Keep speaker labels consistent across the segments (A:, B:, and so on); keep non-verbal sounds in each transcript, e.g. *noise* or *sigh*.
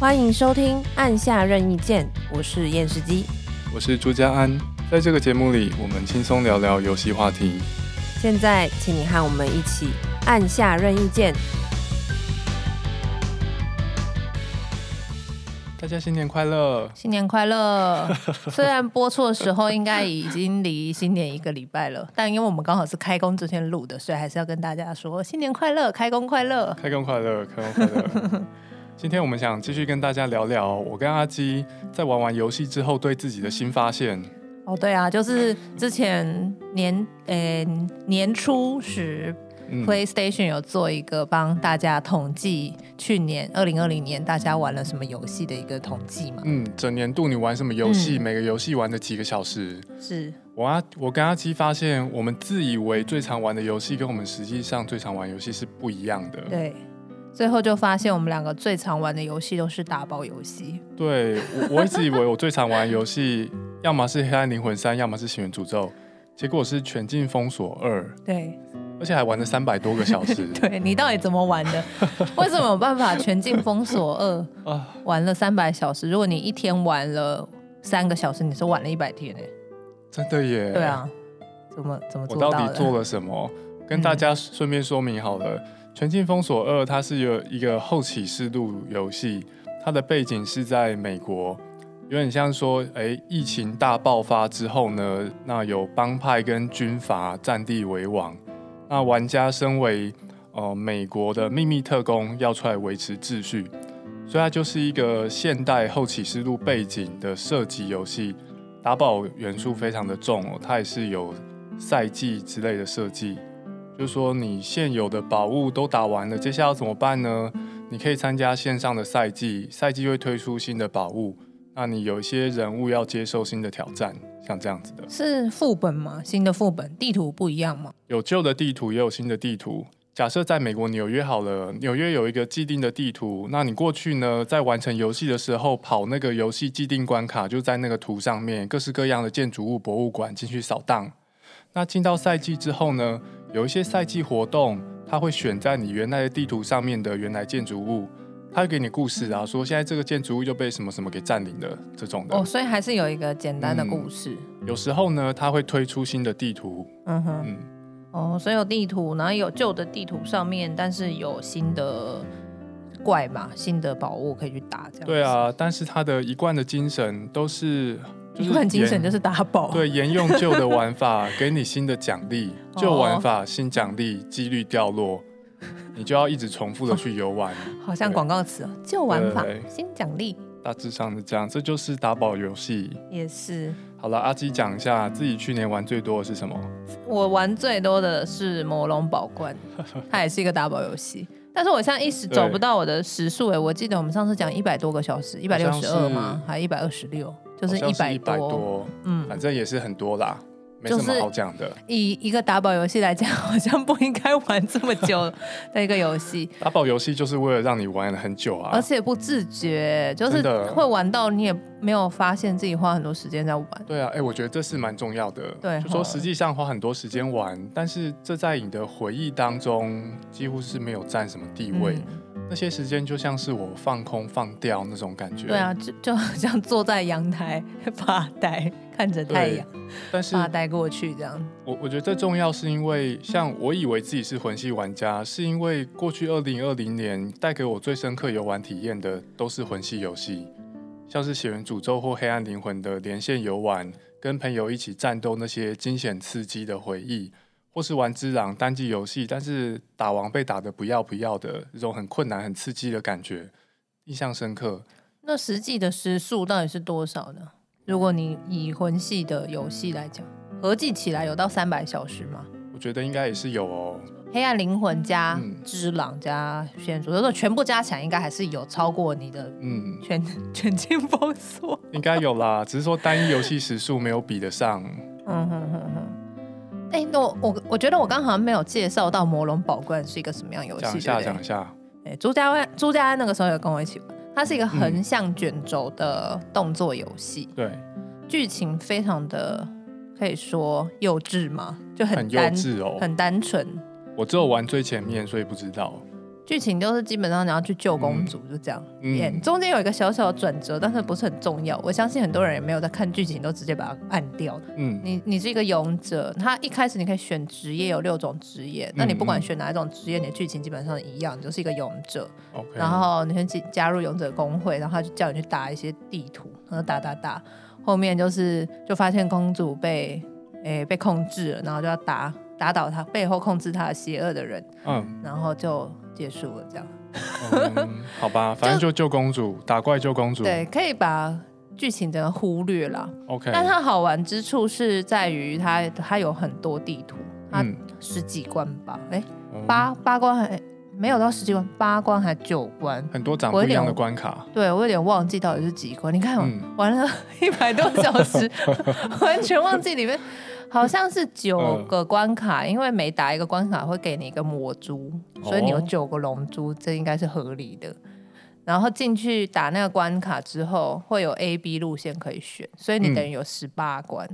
A: 歡迎收聽按下任意鍵，我是驗視機，
B: 我是朱家安。在這個節目裡，我們輕鬆聊聊遊戲話題。
A: 現在，請你和我們一起按下任意鍵。
B: 大家新年快樂！新
A: 年快樂！ *laughs* 雖然播出的時候，應該已經離新年一個禮拜了， *laughs* 但因為我們剛好是開工之前錄的，所以還是要跟大家說新年快樂，開工快樂，
B: 開工快樂，開工快樂。 *laughs* 今天我們想繼續跟大家聊聊，我跟阿雞在玩完遊戲之後對自己的新發現。
A: 哦，對啊，就是之前年、欸、年初時、嗯，PlayStation 有做一個幫大家統計去年二零二零年大家玩了什麼遊戲的一個統計
B: 嘛。嗯，整年度你玩什麼遊戲？嗯、每個遊戲玩了幾個小時？是我、啊、我跟阿雞發現，我們自以為最常玩的遊戲，跟我們實際上最常玩的遊戲是不一樣的。對。
A: 最後就發現，我們兩個最常玩的遊戲都是打寶遊戲。
B: 對，我，我一直以為我最常玩遊戲，要麼是《黑暗靈魂三》，要麼是《血源詛咒》，結果是《全境封鎖二》。
A: 對，
B: 而且還玩了三百多個小時。 *laughs*
A: 對，你到底怎麼玩的？ *laughs* 為什麼有辦法《全境封鎖二》啊？玩了三百小時？如果你一天玩了三個小時，你是玩了一百天呢？、欸，
B: 真的耶？對啊，怎
A: 麼怎麼做到的？我到底做了
B: 什麼？跟大家順便說明好了，嗯，《全境封鎖二》它是有一個後啟示錄遊戲，它的背景是在美國，有點像說，欸、疫情大爆發之後呢，那有幫派跟軍閥占地為王，那玩家身為呃美國的秘密特工，要出來維持秩序，所以它就是一個現代後啟示錄背景的射擊遊戲，打寶元素非常的重哦，它也是有賽季之類的設計。就是說你現有的寶物都打完了，接下來要怎麼辦呢？你可以參加線上的賽季，賽季會推出新的寶物。那你有一些人物要接受新的挑戰，像這樣子的，
A: 是副本嗎？新的副本地圖不一樣嗎？
B: 有舊的地圖，也有新的地圖。假設在美國紐約好了，紐約有一個既定的地圖，那你過去呢，在完成遊戲的時候跑那個遊戲既定關卡，就在那個圖上面，各式各樣的建築物、博物館進去掃蕩。那進到賽季之後呢？有一些賽季活動，他會選在你原來的地圖上面的原來建築物，他會給你故事啊，然後說現在這個建築物就被什麼什麼給佔領了這種的。
A: 哦，所以還是有一個簡單的故事。嗯、
B: 有時候呢，他會推出新的地圖。
A: 嗯哼，嗯，哦，所以有地圖，然後有舊的地圖上面，但是有新的怪嘛，新的寶物可以去打這樣。
B: 對啊，但是他的一貫的精神都是。就很精神，就是打寶。對，沿用舊的玩法，給你新的獎勵。舊玩法，新獎勵，幾率掉落，你就要一直重複的去遊玩。
A: 好像廣告詞哦，舊玩法，新獎勵。
B: 大致上是這樣，這就是打寶遊戲。也是。好了，阿雞講一下自己去年玩最多的是什麼？
A: 我玩最多的是魔龍寶冠，它也是一個打寶遊戲。但是我現在一時找不到我的時數。哎，我記得我們上次講一百多個小時，一百六十二嗎？還一百二十
B: 六？就是一百一百多，嗯，反正也是很多啦，嗯、沒什麼好講的。以
A: 一個打寶遊戲來講，好
B: 像不應該玩這麼久的一個遊戲。 *laughs* 打寶遊戲就是為了讓你玩了很久啊，而
A: 且不自覺，就是會玩到你也沒有發現自己花很多時間在玩。
B: 對啊，哎、欸，我覺得這是蠻重要的。對呵，就說實際上花很多時間玩，但是這在你的回憶當中幾乎是沒有佔什麼地位。嗯那些時間就像是我放空放掉那種感覺，對啊
A: 就，就好像坐在陽台發呆，看着太陽，發呆過去這樣。
B: 我我覺得最重要是因為，像我以為自己是魂系玩家，嗯、是因為過去二零二零年帶給我最深刻遊玩體驗的都是魂系遊戲，像是《血源詛咒》或《黑暗靈魂》的連線遊玩，跟朋友一起戰鬥那些驚險刺激的回憶。或是玩《只狼》單機遊戲，但是打王被打得不要不要的，這種很困難、很刺激的感覺，印象深刻。
A: 那實際的時數到底是多少呢？如果你以魂系的遊戲來講，合計起來有到三百小
B: 時嗎？我覺得應該也是有哦。
A: 黑暗靈魂加《只狼》加、嗯《血源》，所以說全部加起來，應該還是有超過你的全。嗯，全全境封鎖
B: 應該有啦， *laughs* 只是說單一遊戲時數沒有比得上。 *laughs* 嗯哼哼哼。嗯嗯嗯嗯。
A: 哎，那、欸、我我、嗯、我覺得我剛好像沒有介紹到《魔龍寶冠》是一個什麼樣遊戲。講一下，講對一下。哎、欸，朱家安，朱家安那個時候有跟我一起玩，它是一個橫向卷軸的動作
B: 遊戲、嗯。對。
A: 劇情非常的可以說幼稚嗎？就很，很幼稚哦，很單純。
B: 我只有玩最前面，所以不知道。
A: 劇情都是基本上你要去救公主，嗯、就這樣演。Yeah, 嗯、中間有一個小小的轉折，但是不是很重要。我相信很多人也沒有在看劇情，都直接把它按掉了。嗯，你你是一個勇者，他一開始你可以選職業，有六種職業。嗯、那你不管選哪一種職業，嗯、你的劇情基本上一樣，你就是一個勇者。Okay. 然後你先去加入勇者公會，然後他就叫你去打一些地圖，然後打打打。後面就是就發現公主被誒、欸、被控制了，然後就要打打倒他背後控制他的邪惡的人。嗯，然後就。結束了，這樣
B: ，um, *laughs* 好吧，反正就救公主，就打怪救公主，對，
A: 可以把劇情的忽略了。OK，但它好玩之處是在於它它有很多地圖，它十幾關吧，哎、欸，um, 八八關。欸沒有到十幾關，八關還九
B: 關，很多長不一樣的關卡。我
A: 對我有點忘記到底是幾關。你看，玩、嗯、了一百多小時， *laughs* 完全忘記裡面好像是九個關卡，呃、因為每打一個關卡會給你一個魔珠，哦、所以你有九個龍珠，這應該是合理的。然後進去打那個關卡之後，會有 A、B 路線可以選，所以你等於有十八關，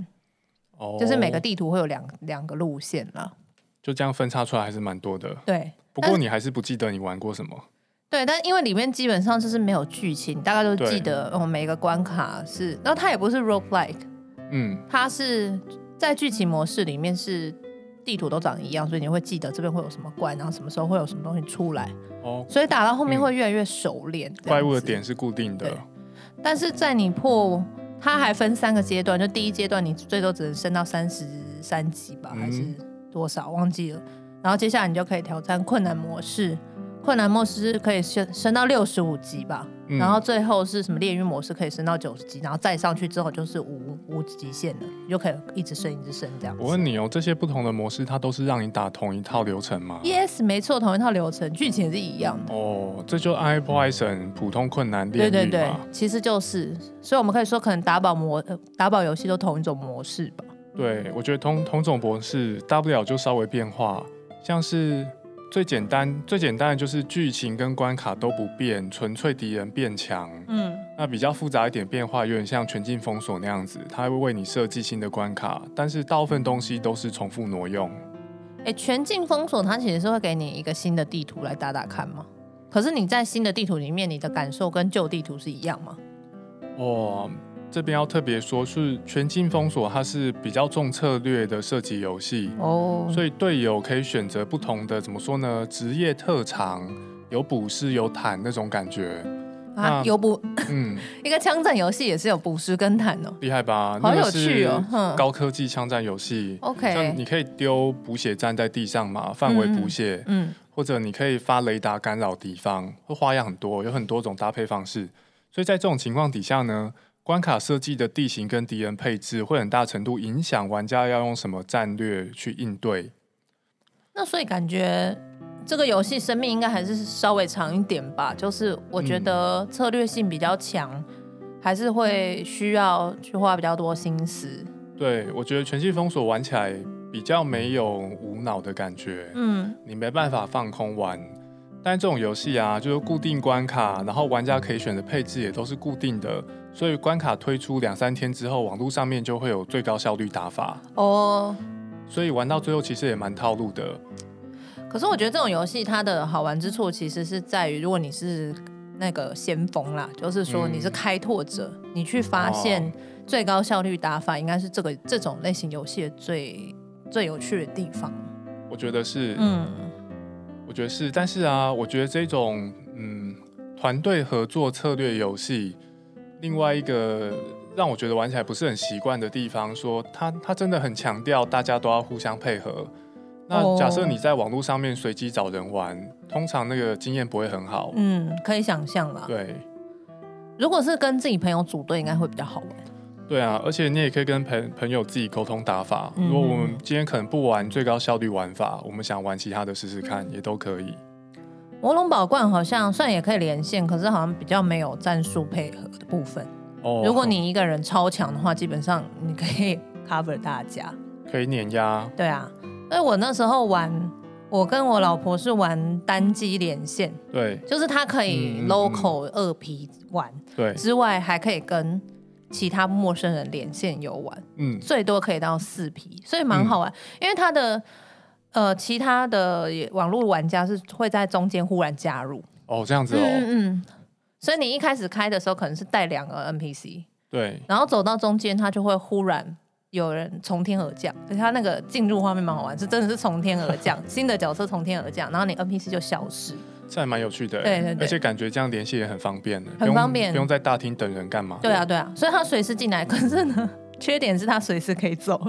A: 嗯、
B: 就是每個地
A: 圖會有兩兩個路線了，
B: 就這樣分叉出來還是蠻多的，對。不過你還是不記得你玩過什麼？
A: 對，但因為裡面基本上就是沒有劇情，大概都記得對哦。每個關卡是，然後它也不是 roguelike 嗯，嗯，它是在劇情模式裡面是地圖都長一樣，所以你會記得這邊會有什麼怪，然後什麼時候會有什麼東西出來哦。所以打到後面會越來越熟練。嗯、怪物的
B: 點是固定的，
A: 但是在你破它還分三個階段，就第一階段你最多只能升到三十三級吧，嗯、還是多少忘記了。然後接下來你就可以挑戰困難模式，困難模式是可以升升到六十五級吧，嗯、然後最後是什麼煉獄模式可以升到九十級，然後再上去之後就是無無極限了，你就可以一直升一直升這樣。我
B: 問你哦，這些不同的模式它都是讓你打同一套流程嗎
A: ？Yes，沒錯，同一套流程，劇情也是一樣的。
B: 哦，這就 i p o I s o n e 普通困難煉獄嘛？對對對，
A: 嗎其實就是，所以我們可以說可能打寶模打寶遊戲都同一種模式吧？
B: 對，我覺得同同種模式大不了就稍微變化，像是最簡單最簡單的就是劇情跟關卡都不變，純粹敵人變強。嗯，那比較複雜一點變化，有點像全境封鎖那樣子，他會為你設計新的關卡，但是大部分東西都是重複挪用。
A: 哎、欸，全境封鎖它其實是會給你一個新的地圖來打打看嗎？可是你在新的地圖裡面，你的感受跟舊地圖是一樣嗎？
B: 哦。這邊要特別說，是全境封鎖，它是比較重策略的射擊遊戲哦，oh. 所以隊友可以選擇不同的，怎麼說呢？職業特長有補師有坦那種感覺啊，那有補不
A: 嗯，一個槍戰遊戲也是有補師跟坦哦，
B: 厲害吧？那個、好有趣哦，高科技槍戰遊戲。OK，你可以丟補血站在地上嘛，範圍補血嗯，嗯，或者你可以發雷達干擾敵方，會花樣很多，有很多種搭配方式。所以在這種情況底下呢？關卡設計的地形跟敵人配置會很大程度影響玩家要用什麼戰略去應對。
A: 那所以感覺這個遊戲生命應該還是稍微長一點吧，就是我覺得策略性比較強，嗯、還是會需要去花比較多心思。
B: 對，我覺得全境封鎖玩起來比較沒有無腦的感覺。嗯，你沒辦法放空玩，但這種遊戲啊，就是固定關卡，然後玩家可以選的配置也都是固定的。所以關卡推出兩三天之後，網絡上面就會有最高效率打法。
A: 哦，oh,
B: 所以玩到最後其實也蠻套路的。
A: 可是我覺得這種遊戲它的好玩之處，其實是在於如果你是那個先鋒啦，就是說你是開拓者，嗯、你去發現最高效率打法，應該是這個、哦、這種類型遊戲的最最有趣的地方。
B: 我覺得是，嗯，嗯，我覺得是。但是啊，我覺得這種嗯團隊合作策略遊戲。另外一個讓我覺得玩起來不是很習慣的地方，說他他真的很強調大家都要互相配合。那假設你在網絡上面隨機找人玩，通常那個經驗不會很好。
A: 嗯，可以想象啦。對，如果是跟自己朋友組隊，應該會比較好玩。
B: 對啊，而且你也可以跟朋朋友自己溝通打法。如果我們今天可能不玩最高效率玩法，我們想玩其他的試試看，嗯，也都可以。
A: 魔龍寶冠好像算也可以連線，可是好像比較沒有戰術配合的部分。哦，oh, 如果你一個人超強的話，oh. 基本上你可以 cover 大家，
B: 可以碾壓。
A: 對啊，因為我那時候玩，我跟我老婆是玩單機連線，
B: 對、mm，hmm. 就是她可以 local
A: 二皮玩，對、mm，hmm. 之外還可以跟其他陌生人連線遊玩，嗯、mm，hmm. 最多可以到四皮，所以蠻好玩，mm hmm. 因為他的。呃，其他的也，網絡玩家是會在中間忽然加入。
B: 哦，這樣子哦。
A: 嗯嗯。所以你一開始開的時候，可能是帶兩個 NPC。
B: 對。
A: 然後走到中間，他就會忽然有人從天而降，而且他那個進入畫面蠻好玩，是真的是從天而降， *laughs* 新的角色從天而降，然後你 NPC 就消失。
B: 這還蠻有趣的、欸。對，對對。而且感覺這樣聯繫也很方便的，很方便，不用，不用在大廳等人幹嘛。對啊，
A: 對啊對啊，所以他隨時進來，嗯、可是呢。 *laughs* 缺點是他隨時可以走，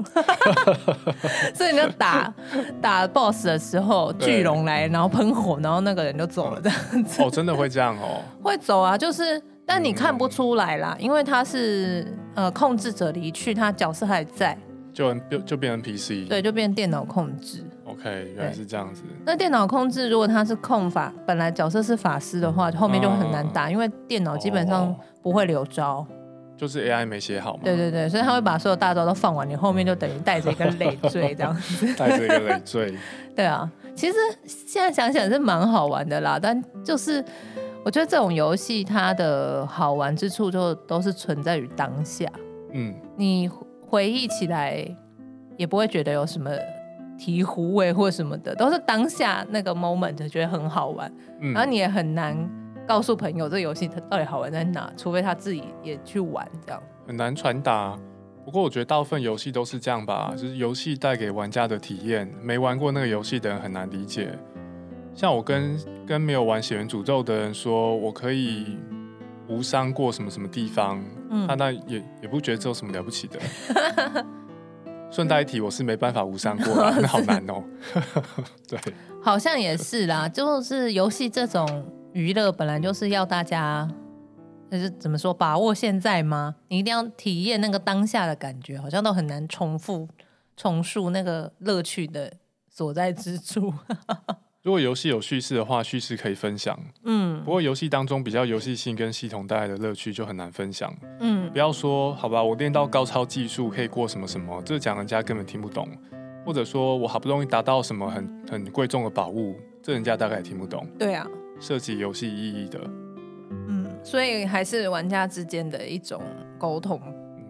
A: *laughs* 所以你就打 *laughs* 打 boss 的時候，對巨龍來，然後噴火，然後那個人就走了，這樣
B: 子。哦，真的會這樣哦？
A: 會走啊，就是但你看不出來啦，嗯嗯因為他是呃控制者離去，他角色還在，
B: 就變就變成 PC，對，
A: 就變電腦
B: 控制。OK，原來是這樣子。
A: 那電腦控制如果他是控法，本來角色是法師的話，後面就很難打，嗯、因為電腦基本上不會留招。哦
B: 就是 AI 沒寫好嘛？對
A: 對對，所以他會把所有大招都放完，你後面就等於帶着一個累贅這樣子。
B: *laughs* 帶着一個
A: 累贅。 *laughs* 對啊，其實現在想想是蠻好玩的啦，但就是我覺得這種遊戲它的好玩之處就都是存在於當下。
B: 嗯。
A: 你回憶起來也不會覺得有什麼醍醐味或什麼的，都是當下那個 moment 覺得很好玩，嗯、然後你也很難。告訴朋友這個、遊戲它到底好玩在哪，除非他自己也去玩，這樣
B: 很難傳達。不過我覺得大部分遊戲都是這樣吧，就是遊戲帶給玩家的體驗，沒玩過那個遊戲的人很難理解。像我跟跟沒有玩《血源詛咒》的人說，我可以無傷過什麼什麼地方，他那、嗯、也也不覺得這有什麼了不起的。 *laughs* 順帶一提，我是沒辦法無傷過，那好難哦、喔。 *laughs* 是 *laughs* 對，
A: 好像也是啦，就是遊戲這種。娛樂本來就是要大家，就是怎麼說，把握現在嗎？你一定要體驗那個當下的感覺，好像都很難重複、重塑那個樂趣的所在之處。
B: *laughs* 如果遊戲有敘事的話，敘事可以分享。嗯，不過遊戲當中比較遊戲性跟系統帶來的樂趣就很難分享。嗯，不要說，好吧，我練到高超技術可以過什麼什麼，這講人家根本聽不懂。或者說我好不容易達到什麼很很貴重的寶物，這人家大概也聽不懂。對啊。涉及遊戲意義的，
A: 嗯，所以還是玩家之間的一種溝通，嗯，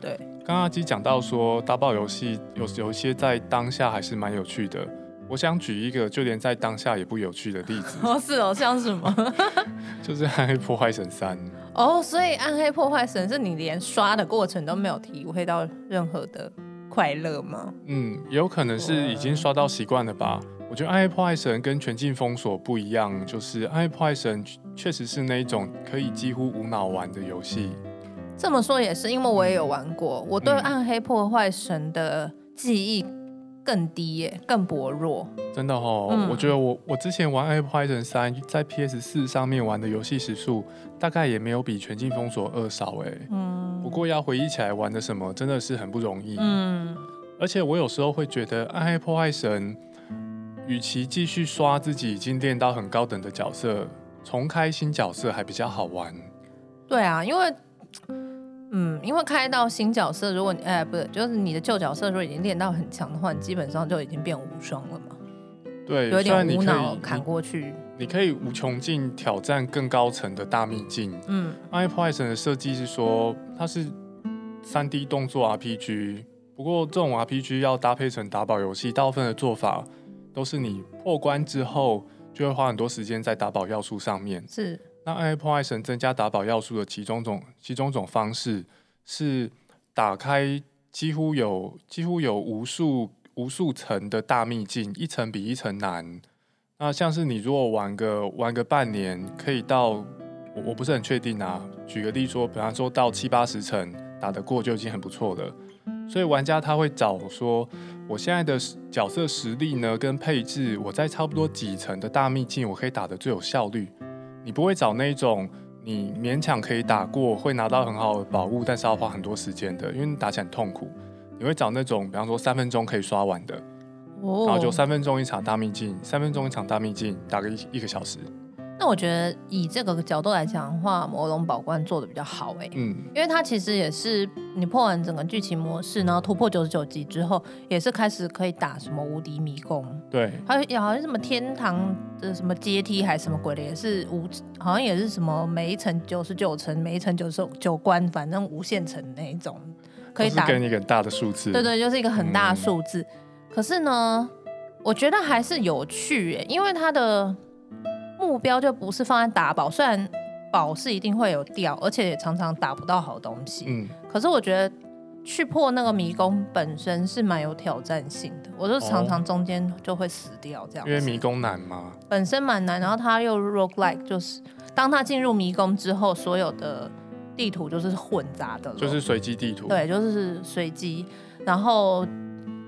B: 對。剛剛阿雞講到說，嗯、打寶遊戲有有一些在當下還是蠻有趣的。我想舉一個，就連在當下也不有趣的例子。哦，
A: 是哦，像什麼？
B: *laughs* 就是暗黑破壞神三。
A: 哦，所以暗黑破壞神是你連刷的過程都沒有體會到任何的快樂嗎？
B: 嗯，有可能是已經刷到習慣了吧。我覺得《暗黑破壞神》跟《全境封鎖》不一樣，就是《暗黑破壞神》確實是那一種可以幾乎無腦玩的遊戲。
A: 這麼說也是，因為我也有玩過，嗯、我對《暗黑破壞神》的記憶更低耶，更薄弱。
B: 真的哈，哦，嗯、我覺得我我之前玩《暗黑破壞神三》在 PS 四上面玩的遊戲時數，大概也沒有比《全境封鎖二》少哎。嗯。不過要回憶起來玩的什麼，真的是很不容易。嗯。而且我有時候會覺得《暗黑破壞神》。與其繼續刷自己已經練到很高等的角色，重開新角色還比較好玩。
A: 對啊，因為，嗯，因為開到新角色，如果你哎、欸，不是，就是你的舊角色如果已經練到很強的話，你基本上就已經變無雙了嘛。
B: 對，有,有點無腦你砍過去你。你可以無窮盡挑戰更高層的大秘境。嗯 Abion 的設計是說它是三 D 動作 RPG，不過這種 RPG 要搭配成打寶遊戲，大部分的做法。都是你破關之後，就會花很多時間在打寶要素上面。是，那愛破 I 神增加打寶要素的其中一種其中一種方式，是打開幾乎有幾乎有無數無數層的大秘境，一層比一層難。那像是你如果玩個玩個半年，可以到我我不是很確定啊。舉個例子說，比方說到七八十層打得過，就已經很不錯了。所以玩家他會找說，我現在的角色實力呢，跟配置，我在差不多幾層的大秘境，我可以打得最有效率。你不會找那種你勉強可以打過，會拿到很好的寶物，但是要花很多時間的，因為打起來很痛苦。你會找那種，比方說三分鐘可以刷完的，oh. 然後就三分鐘一場大秘境，三分鐘一場大秘境，打個一一個小時。
A: 我覺得以這個角度來講的話，《魔龍寶冠》做的比較好哎、欸，嗯，因為它其實也是你破完整個劇情模式，然後突破九十九級之後，也是開始可以打什麼無敵迷宮，對，還有好像什麼天堂的什麼階梯還是什麼鬼的，也是無，好像也是什麼每一層九十九層，每一層九十九關，反正無限層那一種，
B: 可以打給你一個很大的數字，對，對對，就是一個很大的數
A: 字。嗯、可是呢，我覺得還是有趣耶、欸，因為它的。目標就不是放在打寶，雖然寶是一定會有掉，而且也常常打不到好東西。嗯，可是我覺得去破那個迷宮本身是蠻有挑戰性的，我就常常中間就會死掉這樣。因為迷
B: 宮難嘛。
A: 本身蠻難，然後它又 rogue-like，就是當他進入迷宮之後，所有的地圖就是混雜的，就是
B: 隨機地圖。對，就
A: 是隨機，然後。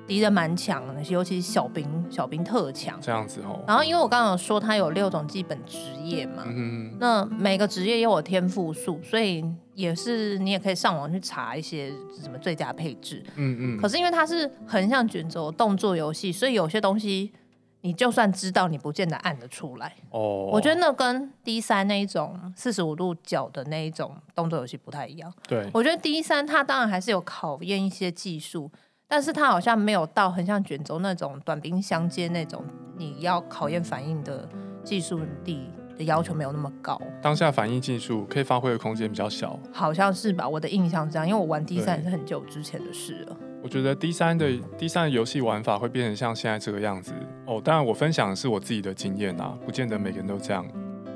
A: 敵人蠻強的，尤其小兵，小兵特強。這
B: 樣子哦。然
A: 後，因為我剛剛有說它有六種基本職業嘛，嗯，嗯，那每個職業又有天賦樹，所以也是你也可以上網去查一些什麼最佳配置，嗯嗯。可是因為它是橫向卷軸動作遊戲，所以有些東西你就算知道，你不見得按得出來。哦。我覺得那跟 D 三那一種四十五度角的那一種動作遊戲不太一樣。對。我覺得 D 三它當然還是有考驗一些技術。但是它好像沒有到很像卷軸那種短兵相接那種，你要考驗反應的技術力的要求沒有那麼高。
B: 當下反應技術可以發揮的空間比較小，
A: 好像是吧？我的印象是這樣，因為我玩第三對 也是很久之前的事了。
B: 我覺得第三的第三遊戲玩法會變成像現在這個樣子哦。當然，我分享的是我自己的經驗啊，不見得每個人都這樣。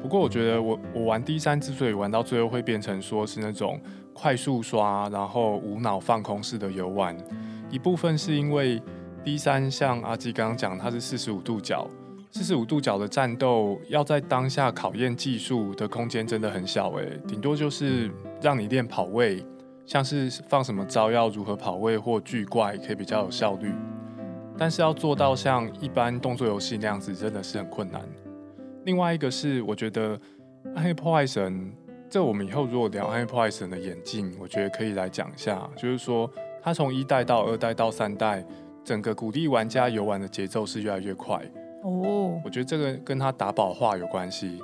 B: 不過我覺得我我玩第三之所以玩到最後會變成說是那種快速刷，然後無腦放空式的遊玩。一部分是因為 D3，像阿基剛剛講，它是四十五度角，四十五度角的戰鬥要在當下考驗技術的空間真的很小誒、欸，頂多就是讓你練跑位，像是放什麼招要如何跑位或聚怪可以比較有效率，但是要做到像一般動作遊戲那樣子真的是很困難。另外一個是我覺得暗黑破壞神，這我們以後如果聊暗黑破壞神的演進，我覺得可以來講一下，就是說。他從一代到二代到三代，整個鼓勵玩家遊玩的節奏是越來越快。哦，我覺得這個跟他打寶化有關係。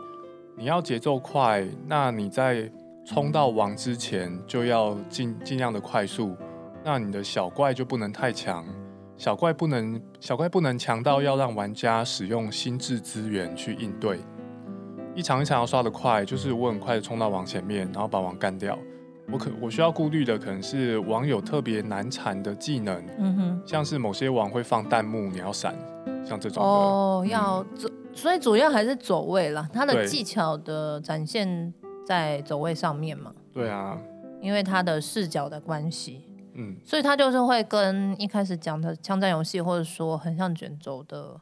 B: 你要節奏快，那你在衝到王之前就要盡尽量的快速。那你的小怪就不能太強，小怪不能，小怪不能強到要讓玩家使用心智資源去應對。一場一場要刷的快，就是我很快的衝到王前面，然後把王幹掉。我可我需要顧慮的可能是網友特別難纏的技能，嗯哼，像是某些王會放彈幕，你要閃，像這種
A: 的哦，要走、嗯，所以主要還是走位啦，他的技巧的展現在走位上面嘛，對啊，因為他的視角的關係，嗯，所以他就是會跟一開始講的槍戰遊戲，或者說很像卷軸的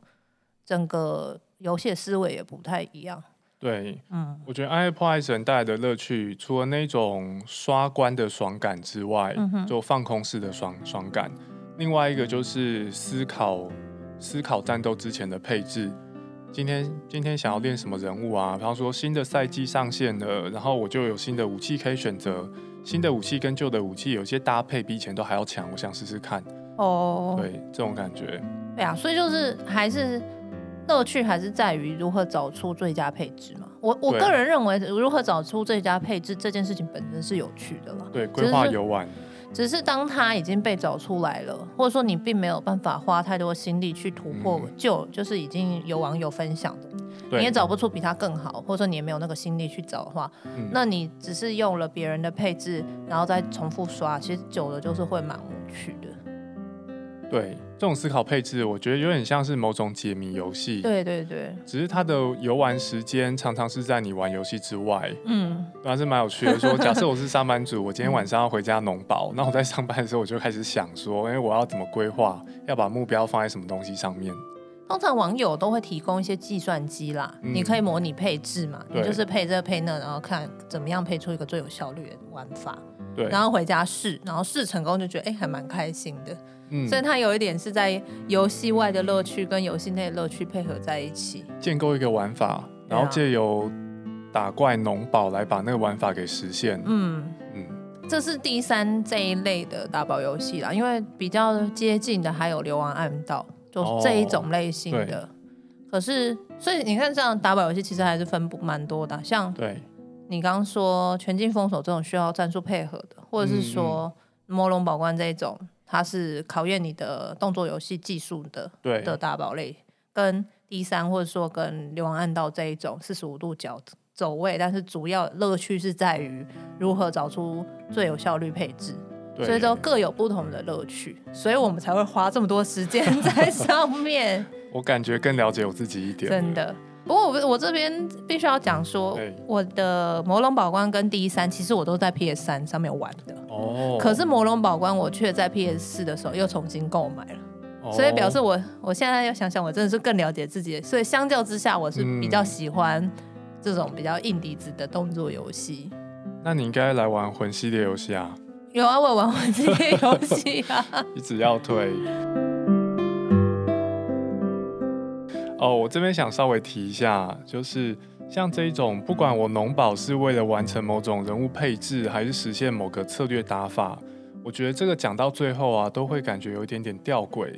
A: 整個遊戲的思維也不太一樣。
B: 對，嗯，我覺得《Albion》帶來的樂趣，除了那種刷關的爽感之外，嗯、哼就放空式的爽爽感。另外一個就是思考，思考戰鬥之前的配置。今天今天想要練什麼人物啊？比方說新的賽季上線了，然後我就有新的武器可以選擇。新的武器跟舊的武器有些搭配比以前都還要強，我想試試看。
A: 哦，對，
B: 這種感覺。
A: 對啊，所以就是還是。樂趣還是在於如何找出最佳配置嘛。我我個人認為，如何找出最佳配置對這件事情本身是有趣的嘛。對，
B: 規劃遊玩
A: 只。只是當他已經被找出來了，或者說你並沒有辦法花太多心力去突破就、嗯，就是已經有網友分享的，對你也找不出比他更好，或者說你也沒有那個心力去找的話，嗯、那你只是用了別人的配置，然後再重複刷，其實久了就是會蠻無趣的。
B: 對，這種思考配置，我覺得有點像是某種解謎遊戲。對對對，只是它的遊玩時間常常是在你玩遊戲之外，嗯，還是蠻有趣的。就是、說假設我是上班族，嗯、我今天晚上要回家農寶，那我在上班的時候我就開始想說，因、欸、為我要怎麼規劃，要把目標放在什麼東西上面？
A: 通常網友都會提供一些計算機啦，嗯、你可以模擬配置嘛，對你就是配這個配那個，然後看怎麼樣配出一個最有效率的玩法。對然後回家試，然後試成功就覺得哎、欸、還蠻開心的，嗯、所以它有一點是在遊戲外的樂趣跟遊戲內的樂趣配合在一起，
B: 建構一個玩法，然後借由打怪、農寶來把那個玩法給實現。嗯、
A: 啊、嗯，嗯，這是第三這一類的打寶遊戲啦，因為比較接近的還有《流亡暗道》，就是這一種類型的。哦、可是所以你看，這樣打寶遊戲其實還是分布蠻多的，啊，像對。你剛剛說全境封鎖這種需要戰術配合的，或者是說魔龍寶冠這種，它是考驗你的動作遊戲技術的對的打寶類，跟 D 三或者說跟流亡暗道這一種四十五度角走位，但是主要樂趣是在於如何找出最有效率配置，
B: 對所以都
A: 各有不同的樂趣，所以我們才會花這麼多時間在上面。
B: *laughs* 我感覺更了解我自己一點，真
A: 的。不過我我這邊必須要講說，Okay. 我的《魔龍寶冠》跟《D3》其實我都在 PS 三上面玩的。哦。Oh. 可是《魔龍寶冠》我卻在 PS 四的時候又重新購買了，oh. 所以表示我我現在要想想，我真的是更了解自己，所以相較之下，我是比較喜歡這種比較硬底子的動作遊戲。
B: 那你應該來玩魂系列遊戲啊！
A: 有啊，我玩魂系列遊戲啊， *laughs*
B: 一直要推哦，我這邊想稍微提一下，就是像這一種，不管我農寶是為了完成某種人物配置，還是實現某個策略打法，我覺得這個講到最後啊，都會感覺有一點點弔詭。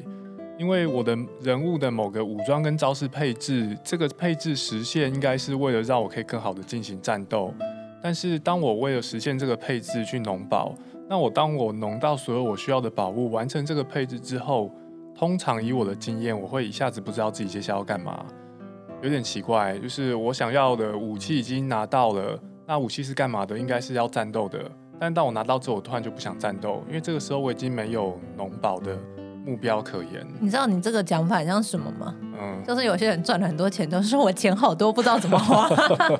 B: 因為我的人物的某個武裝跟招式配置，這個配置實現應該是為了讓我可以更好的進行戰鬥。但是，當我為了實現這個配置去農寶，那我當我農到所有我需要的寶物，完成這個配置之後。通常以我的經驗，我會一下子不知道自己接下來要幹嘛，有點奇怪。就是我想要的武器已經拿到了，那武器是幹嘛的？應該是要戰鬥的。但到我拿到之後，我突然就不想戰鬥，因為這個時候我已經沒有農寶的目標可言。
A: 你知道你這個講法像什
B: 麼嗎？嗯，
A: 就是有些人賺了很多錢，都、就、說、是、我錢好多，不知道怎麼花，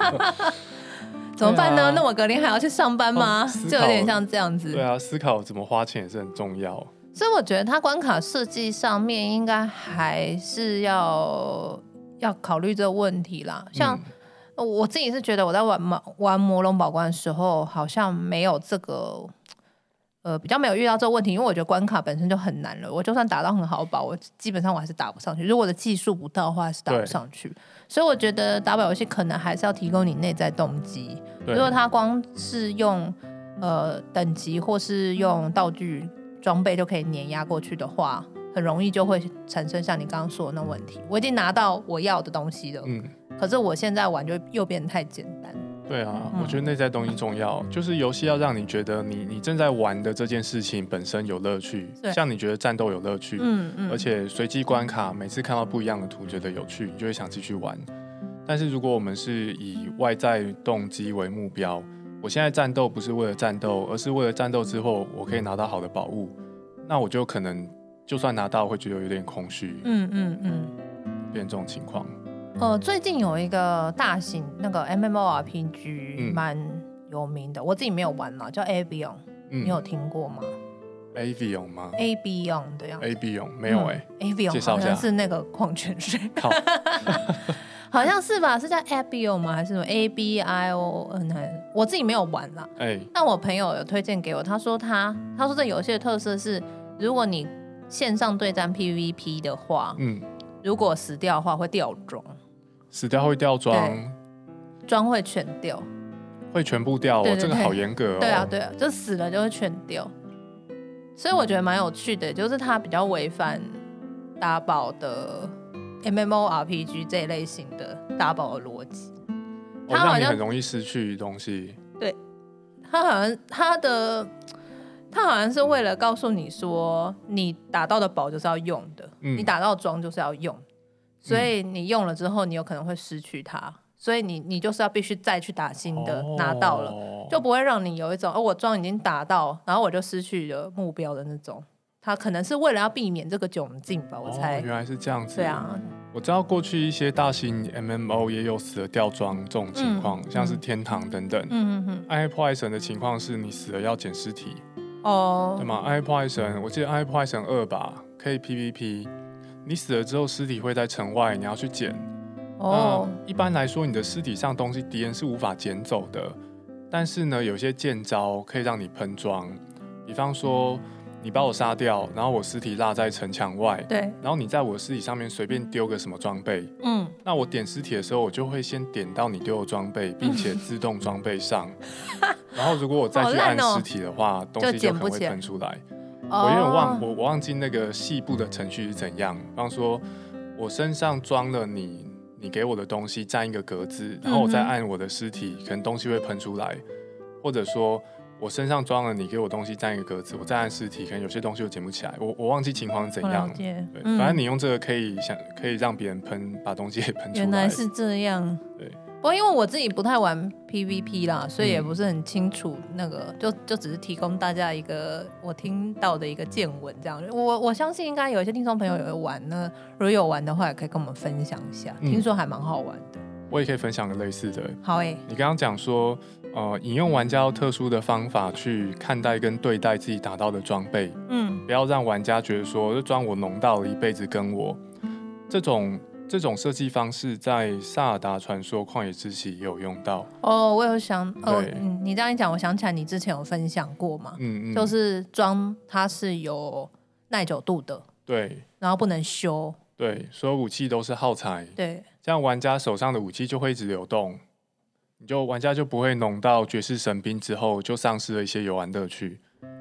B: *laughs* *laughs* 怎麼辦呢？啊、那我
A: 格林還要去上班嗎？哦、就有點像這樣子。對
B: 啊，思考怎麼花錢也是很重要。
A: 所以我覺得它關卡設計上面應該還是要要考慮這個問題啦。像、嗯、我自己是覺得我在玩魔玩魔龍寶冠的時候，好像沒有這個呃比較沒有遇到這個問題，因為我覺得關卡本身就很難了。我就算打到很好吧，我基本上我還是打不上去。如果我的技術不到的話，是打不上去。對所以我覺得打寶遊戲可能還是要提供你內在動機。對如果它光是用呃等級或是用道具，裝備就可以碾壓過去的話，很容易就會產生像你剛剛說的那問題。我已經拿到我要的東西了，嗯，可是我現在玩就又變得太簡單。
B: 對啊，嗯、我覺得內在東西重要，嗯、就是遊戲要讓你覺得你你正在玩的這件事情本身有樂趣。對像你覺得戰鬥有樂趣，嗯嗯、而且隨機關卡每次看到不一樣的圖覺得有趣，你就會想繼續玩。但是如果我們是以外在動機為目標，我現在戰鬥不是為了戰鬥，而是為了戰鬥之後我可以拿到好的寶物，那我就可能就算拿到我會覺得有點空虛、嗯。嗯
A: 嗯
B: 嗯，變這種情況。
A: 嗯、呃，最近有一個大型那個 MMORPG 蠻、嗯、有名的，我自己沒有玩嘛，叫 Abion、嗯、你有聽過嗎
B: ？Abion 嗎
A: ？Abion 對
B: 呀、啊。Abion 沒有哎、欸。嗯、Abion 好像是
A: 那個礦泉水。 *laughs* 好像是吧，是叫 Abion 嗎？還是什麼 Abion？呃，我自己沒有玩啦。欸、但我朋友有推薦給我，他說他他說，這遊戲的特色是，如果你線上對戰 PVP 的話，嗯，如果死掉的話會掉裝，
B: 死掉會掉裝，
A: 裝會全掉，
B: 會全部掉。哦，這個好嚴格、喔。對啊，對
A: 啊，就死了就會全掉。所以我覺得蠻有趣的、欸，就是他比較違反打寶的。M M O R P G 這一類型的打寶的邏輯，它好像很
B: 容易失去東西。
A: 對，它好像它的它好像是為了告訴你說，你打到的寶就是要用的，你打到的裝就是要用，所以你用了之後，你有可能會失去它，所以你你就是要必須再去打新的，拿到了就不會讓你有一種，哦，我裝已經打到，然後我就失去了目標的那種。他可能是為了要避免這個窘境吧，我猜、哦。原
B: 來是這樣子。對啊，我知道過去一些大型 MMO 也有死了掉裝這種情況，嗯、像是天堂等等。嗯嗯嗯。嗯，《暗黑破壞神》的情況是你死了要撿屍體，
A: 哦，對
B: 嗎？《暗黑破壞神》，我記得《暗黑破壞神二》吧，可以 PVP。你死了之後，屍體會在城外，你要去撿。哦。一般來說，你的屍體上東西敵人是無法撿走的，但是呢，有些劍招可以讓你噴裝，比方說。嗯你把我殺掉，然後我屍體落在城牆外。對。然後你在我屍體上面隨便丟個什麼裝備。嗯。那我點屍體的時候，我就會先點到你丟的裝備，並且自動裝備上。嗯、 *laughs* 然後如果我再去按屍體的話，喔、東西就可能會噴出來。剪剪我有點忘，我我忘記那個細部的程序是怎樣。比方、嗯、說，我身上裝了你，你給我的東西佔一個格子，然後我再按我的屍體，嗯、哼可能東西會噴出來，或者說。我身上裝了你給我東西占一個格子，我再按屍體，可能有些東西我撿不起來。我我忘記情況怎樣了，對，反正你用這個可以想可以讓別人噴把東西給噴出來。原來是
A: 這樣，對。不過因為我自己不太玩 PVP 啦，嗯、所以也不是很清楚那個，嗯、那個就就只是提供大家一個我聽到的一個見聞這樣。我我相信應該有一些聽眾朋友有玩，那如果有玩的話，也可以跟我們分享一下。嗯、聽說還蠻好玩的，
B: 我也可以分享個類似的。好誒、欸，你剛剛講說。呃，引用玩家用特殊的方法去看待跟對待自己打到的裝備，嗯，不要讓玩家覺得說這裝我農到了一輩子跟我。這種這種設計方式，在《薩爾達傳說：曠野之息》也有用到。
A: 哦，我有想，哦對、呃，你這樣一講，我想起來你之前有分享過嘛，嗯嗯，就是裝它是有耐久度的，對，然後不能修，
B: 對，所有武器都是耗材，對，這樣玩家手上的武器就會一直流動。你就玩家就不會農到絕世神兵之後，就喪失了一些遊玩樂趣，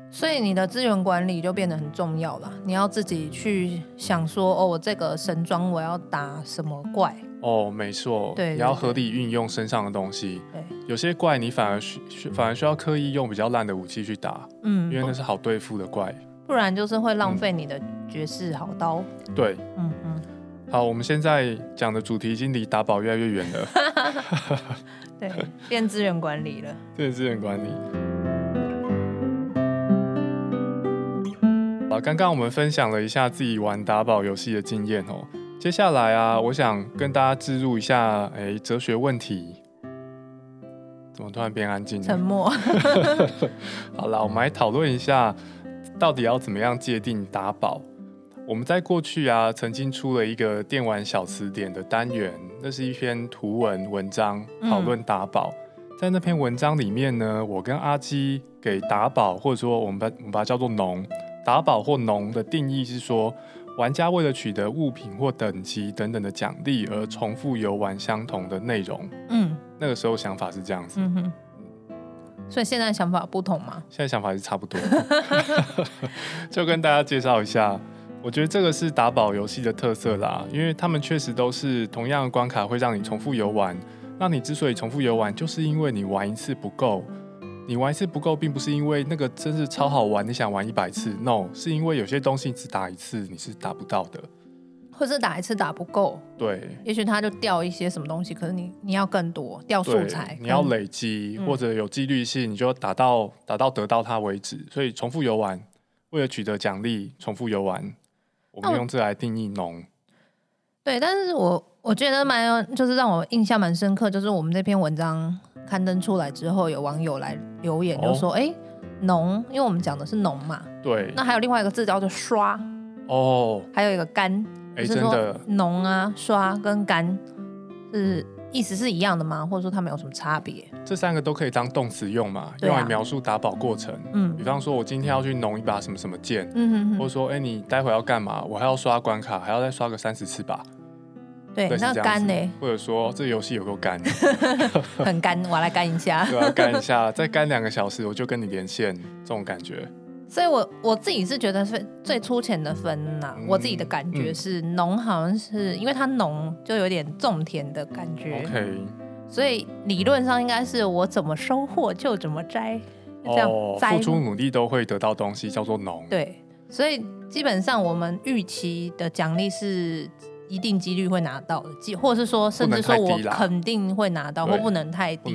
A: 所以你的資源管理就變得很重要了。你要自己去想說，哦，我這個神裝我要打什麼怪？
B: 哦，沒錯，對，對，對，你要合理運用身上的東西。對，有些怪你反而需需反而需要刻意用比較爛的武器去打，嗯，因為那是好對付的怪，嗯、
A: 不然就是會浪費你的絕世好刀。
B: 對，嗯嗯哼。好，我們現在講的主題已經離打寶越來越遠
A: 了。 *laughs* *laughs* 對，變資源管理了。
B: 變資 *laughs* 源管理。好，剛剛我們分享了一下自己玩打寶遊戲的經驗哦。接下來啊，我想跟大家置入一下，欸，哲學問題。怎麼突然變安靜了？沉默。 *laughs* *laughs* 好了，我們來討論一下，到底要怎麼樣界定打寶？我們在過去啊，曾經出了一個電玩小辭典的單元，那是一篇圖文文章討論打寶。嗯、在那篇文章裡面呢，我跟阿雞給打寶，或者說我們把我們把它叫做農打寶或農的定義是說，玩家為了取得物品或等級等等的獎勵而重複遊玩相同的內容。嗯，那個時候想法是這樣子。
A: 嗯哼、所以現在想法不同嗎？
B: 現在想法是差不多， *laughs* *laughs* 就跟大家介紹一下。我覺得這個是打寶遊戲的特色啦，因為他們確實都是同樣的關卡會讓你重複遊玩。那你之所以重複遊玩，就是因為你玩一次不夠。你玩一次不夠，並不是因為那個真是超好玩，嗯、你想玩一百次。嗯、no，是因為有些東西只打一次你是打不到的，
A: 或者打一次打不夠。
B: 對，
A: 也許它就掉一些什麼東西，可是你你要更多掉素材，你要
B: 累積，嗯、或者有幾率性你就要打到打到得到它為止。所以重複遊玩，為了取得獎勵，重複遊玩。我，我們用字來定義“濃”，
A: 對，但是我我覺得蠻，就是讓我印象蠻深刻，就是我們這篇文章刊登出來之後，有網友來留言，哦、就說：“哎、欸，濃，因為我們講的是濃嘛。”對，那還有另外一個字叫做“刷”，
B: 哦，
A: 還有一個“乾”，就是說濃啊，哎、欸，真的，刷跟乾是。意思是一樣的嗎？或者說它們有什麼差別？
B: 這三個都可以當動詞用嘛？啊、用來描述打寶過程。嗯，比方說，我今天要去弄一把什麼什麼劍。嗯嗯，或者說，哎、欸，你待會要幹嘛？我還要刷關卡，還要再刷個三十次吧。
A: 對，那要幹呢？
B: 或者說，這個遊戲有夠幹，
A: *laughs* 很幹，我來幹一下。對，幹一
B: 下， *laughs* 再幹兩個小時，我就跟你連線，這種感覺。
A: 所以我，我我自己是覺得是最粗淺的分吶、啊。嗯、我自己的感覺是，農好像是、嗯、因為它農就有點種田的感覺。OK。所以理論上應該是我怎麼收穫就怎麼摘，
B: 嗯、這樣、哦、摘、付出努力都會得到東西，叫做農。
A: 對，所以基本上我們預期的獎勵是一定幾率會拿到的，或，是說，甚至說我肯定會拿到，或不能太低，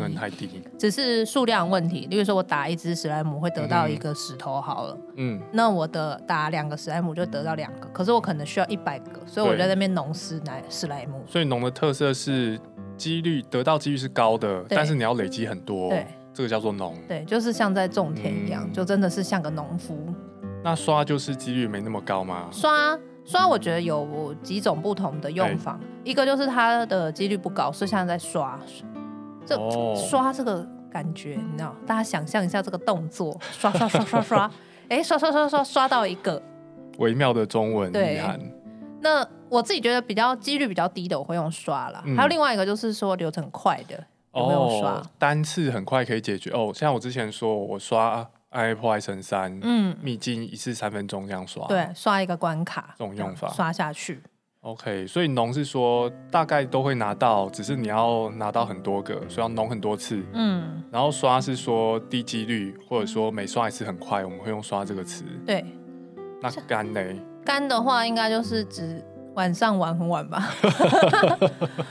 A: 只是數量問題。例如說，我打一只史萊姆會得到一個石頭好
B: 了，
A: 嗯，那我的打兩個史萊姆就得到兩個，可是我可能需要一百個，所以我就在那邊農史萊史萊姆。
B: 所以農的特色是幾率得到幾率是高的，但是你要累積很多，對，這個叫做農，
A: 對，就是像在種田一樣，就真的是像個農夫。
B: 那刷就是幾率沒那麼高嗎？刷。
A: 刷，我覺得有幾種不同的用法，欸、一個就是它的幾率不高，是像在，在刷，
B: 這、哦、刷
A: 這個感覺，你知道？大家想象一下這個動作，刷刷刷刷刷，哎、 *laughs* 欸，刷刷刷刷刷，刷到一個
B: 微妙的中文對，厲害。
A: 那我自己覺得比較幾率比較低的，我會用刷啦。嗯、還有另外一個就是說流程很快的，哦、有
B: 沒有刷單次很快可以解決？哦，像我之前說我刷。IY p o 乘三，Apple 3，嗯，秘境一次三分鐘這樣刷，對，
A: 刷一個關卡，這種用法刷下去。
B: OK，所以農是說大概都會拿到，只是你要拿到很多個，所以要農很多次，嗯。然後刷是說低幾率，或者說每刷一次很快，我們會用刷這個詞。
A: 對，
B: 那肝呢？
A: 肝的話應該就是指晚上玩很晚吧？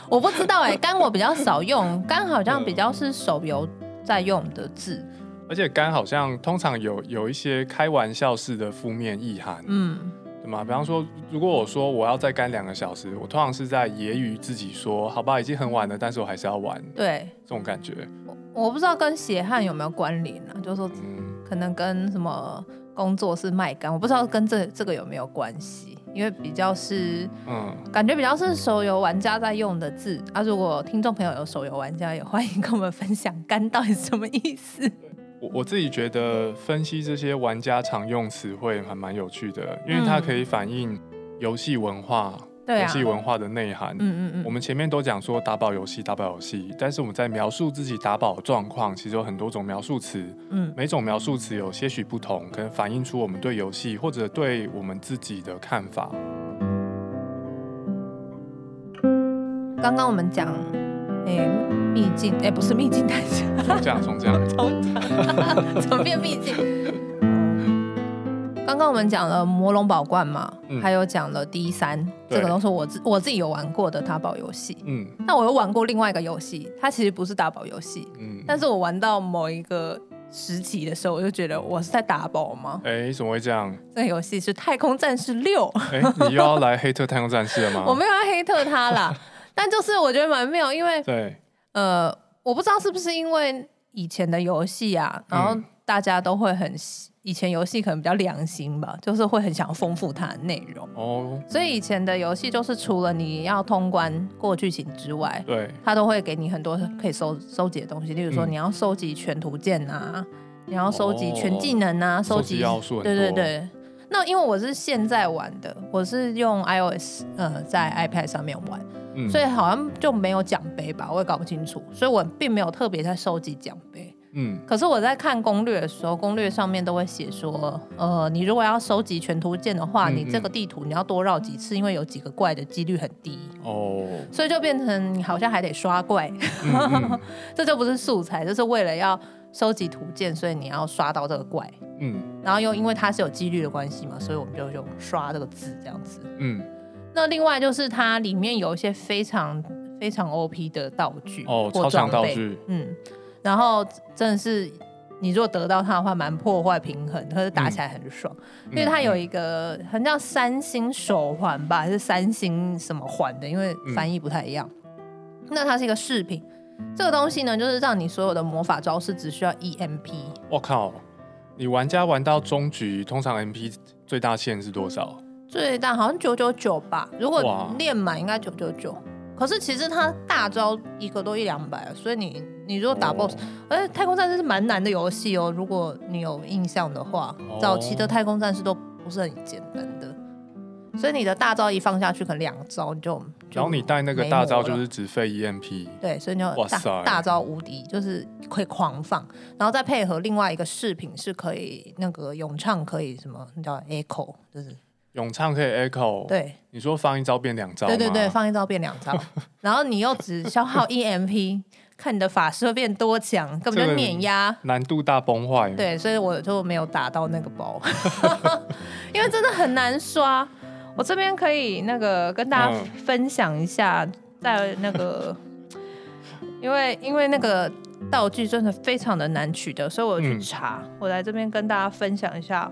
A: 我不知道哎、欸，肝我比較少用，肝 *laughs* 好像比較是手遊在用的字。
B: 而且肝好像通常有有一些開玩笑式的負面意涵，
A: 嗯，
B: 對嗎？比方說，如果我說我要再肝兩個小時，我通常是在揶揄自己說，好吧，已經很晚了，但是我還是要玩。對這種感覺
A: 我，我不知道跟血汗有沒有關聯呢、啊？就是、說，嗯、可能跟什麼工作是賣肝，我不知道跟這這個有沒有關係，因為比較是，嗯，感覺比較是手遊玩家在用的字啊。如果聽眾朋友有手遊玩家，也歡迎跟我們分享肝到底是什麼意思？
B: 我自己覺得分析這些玩家常用詞彙還蠻有趣的，因為它可以反映遊戲文化、嗯
A: 對啊、遊戲文化
B: 的內涵。嗯嗯嗯、我們前面都講說打寶遊戲、打寶遊戲，但是我們在描述自己打寶的狀況，其實有很多種描述詞。嗯、每種描述詞有些許不同，可能反映出我們對遊戲或者對我們自己的看法。
A: 剛剛我們講。誒，秘境誒，不是秘境探
B: 險，從家從
A: 家，從，家從家 *laughs* 怎麼變秘境。 *laughs* 剛剛我們講了魔龍寶冠嘛，嗯、還有講了 D 三對，這個都是我自我自己有玩過的打寶遊戲。嗯，那我又玩過另外一個遊戲，它其實不是打寶遊戲。嗯，但是我玩到某一個時期的時候，我就覺得我是在打寶嗎？
B: 哎，怎麼會這樣？
A: 這個遊戲是太空戰士六。哎，
B: 你又要來黑特太空戰士了嗎？ *laughs* 我
A: 沒有要黑特他啦。 *laughs* 但就是我覺得蠻妙，因為對呃，我不知道是不是因為以前的遊戲啊，然後大家都會很、嗯、以前遊戲可能比較良心吧，就是會很想豐富它的內容哦。所以以前的遊戲就是除了你要通關過劇情之外，對，它都會給你很多可以收收集的東西，例如說你要收集全圖鑑啊，嗯、你要收集全技能啊，收、哦、集、集要素，對對對。那因為我是現在玩的，我是用 iOS，呃，在 iPad 上面玩，嗯、所以好像就沒有獎杯吧，我也搞不清楚，所以我並沒有特別在收集獎杯。嗯，可是我在看攻略的時候，攻略上面都會寫說，呃，你如果要收集全圖鑑的話，嗯嗯，你這個地圖你要多繞幾次，因為有幾個怪的幾率很低。哦，所以就變成你好像還得刷怪，嗯嗯 *laughs* 這就不是素材，這、就是為了要。收集圖鑑，所以你要刷到這個怪，嗯，然後又因為它是有幾率的關係嘛，所以我們就用刷這個字這樣子，嗯。那另外就是它裡面有一些非常非常 OP 的道具，哦，超強道具，嗯。然後真的是你如果得到它的話，蠻破壞平衡，可是打起來很爽，嗯，因為它有一個很像三星手環吧，還是三星什麼環的，因為翻譯不太一樣。嗯，那它是一個飾品。這個東西呢，就是讓你所有的魔法招式只需要 1MP。
B: 我靠！你玩家玩到終局，通常 MP 最大限是多少？
A: 最大好像九九九吧。如果練滿應該九九九。哇可是其實他大招一個都一兩百，啊，所以你你如果打 BOSS，哎、哦，太空戰士是蠻難的遊戲哦。如果你有印象的話，哦、早期的太空戰士都不是很簡單的。所以你的大招一放下去，可能兩招你就。就然後你帶那個大招就是
B: 只費 EMP。對，所以你就大哇塞大招
A: 無敵，就是可以狂放，然後再配合另外一個飾品是可以那個詠唱可以什麼？那叫 Echo，就
B: 是詠唱可以 Echo。對，你說放一招變兩招。對對對，
A: 放一招變兩招， *laughs* 然後你又只消耗 EMP， *laughs* 看你的法師會變多強，根本就碾壓，
B: 難度大崩壞。對，
A: 所以我就沒有打到那個寶， *laughs* 因為真的很難刷。 *laughs* 我這邊可以那個跟大家分享一下，在那個，因為因為那個道具真的非常的難取得，所以我有去查，我來這邊跟大家分享一下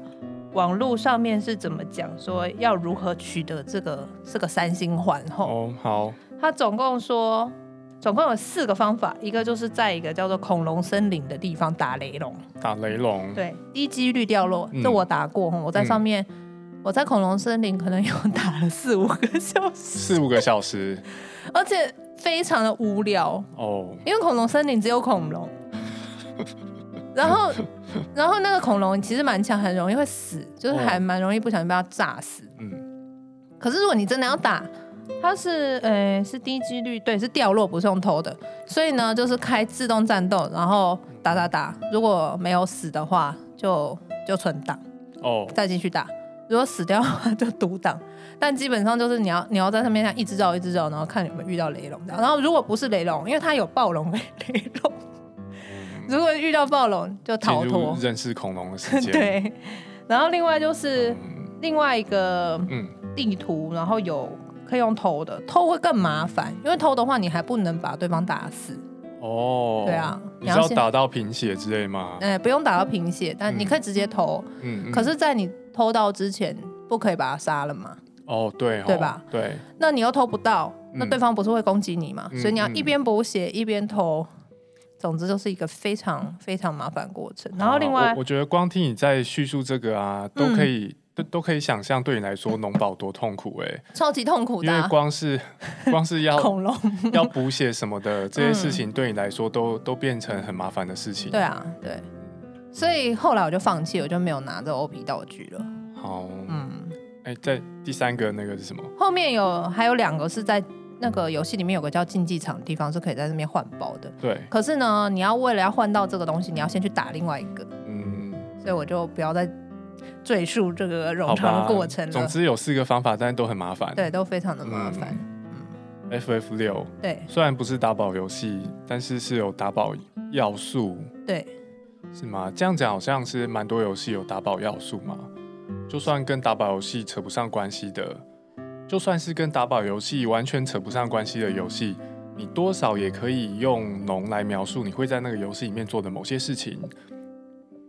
A: 網路上面是怎麼講說要如何取得這個這個三星環哦，
B: 好。
A: 他總共說總共有四個方法，一個就是在一個叫做恐龍森林的地方打雷龍。
B: 打雷龍。對，
A: 低幾率掉落，這我打過，我在上面。我在恐龍森林可能有打
B: 了四五個小時，四五個小時，
A: *laughs* 而且非常的無聊哦，oh. 因為恐龍森林只有恐龍， *laughs* 然後然後那個恐龍其實蠻強，很容易會死，就是還蠻容易不小心被它炸死。嗯，oh. 可是如果你真的要打，它是呃、欸、是低幾率，對，是掉落不是用偷的，所以呢就是開自動戰鬥，然後打打打，如果沒有死的話就就存檔哦，oh. 再繼續打。如果死掉的話就讀檔，但基本上就是你要你要在上面像一直繞一直繞，然後看有沒有遇到雷龍這樣，然後如果不是雷龍，因為它有暴龍、欸、雷龍，嗯、如果遇到暴龍就逃脫。
B: 認識恐龍的時間。對，
A: 然後另外就是另外一個地圖，嗯、然後有可以用偷的，偷會更麻煩，因為偷的話你還不能把對方打死。
B: 哦，對啊，你要打到貧血之類嗎？
A: 哎，不用打到貧血，但你可以直接偷。嗯，可是，在你偷到之前，不可以把他殺了嘛？
B: 哦，對哦，對吧？對，
A: 那你又偷不到，那對方不是會攻擊你嗎？所以你要一邊補血一邊偷，總之就是一個非常非常麻煩過程。然後另外，我
B: 覺得光聽你在敘述這個啊，都可以。都，都可以想象，對你來說，農寶多痛苦。哎、
A: 欸，超級痛苦的，因為
B: 光是光是要 *laughs* 恐龍龍笑要補血什麼的，這些事情對你來說都、嗯、都變成很麻煩的事情。對啊，
A: 對，所以後來我就放棄了，我就沒有拿這 OP 道具了。
B: 好，嗯，哎、欸，在第三個那個是什麼？
A: 後面有還有兩個是在那個遊戲裡面有個叫競技場的地方，是可以在這邊換包的。對，可是呢，你要為了要換到這個東西，你要先去打另外一個。嗯，所以我就不要再。贅述這個冗長的過程。總之
B: 有四個方法，但都很麻煩。對，都非常的麻煩。嗯，FF、嗯、六，對，雖然不是打寶遊戲，但是是有打寶要素。對，是嗎？這樣講好像是蠻多遊戲有打寶要素嘛。就算跟打寶遊戲扯不上關係的，就算是跟打寶遊戲完全扯不上關係的遊戲，你多少也可以用“農”來描述你會在那個遊戲裡面做的某些事情。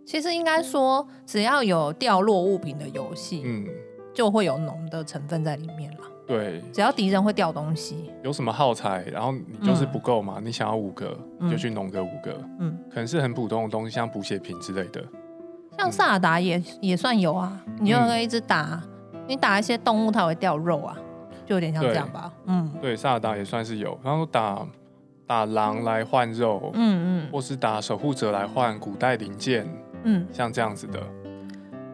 A: 其實應該說，只要有掉落物品的
B: 遊戲，嗯，
A: 就會有農的成分在裡面
B: 了。對，只
A: 要敵人會掉東西，
B: 有什麼耗材，然後你就是不夠嘛，你想要五個，就去農個五個。嗯，可能是很普通的東西，像補血瓶之類的。
A: 像薩爾達也也算有啊，你就可以一直打，你打一些動物，它會掉肉啊，就有點像這樣吧。嗯，
B: 對，薩爾達也算是有，然後打打狼來換肉，嗯嗯，或是打守護者來換古代零件。嗯，像這樣子的，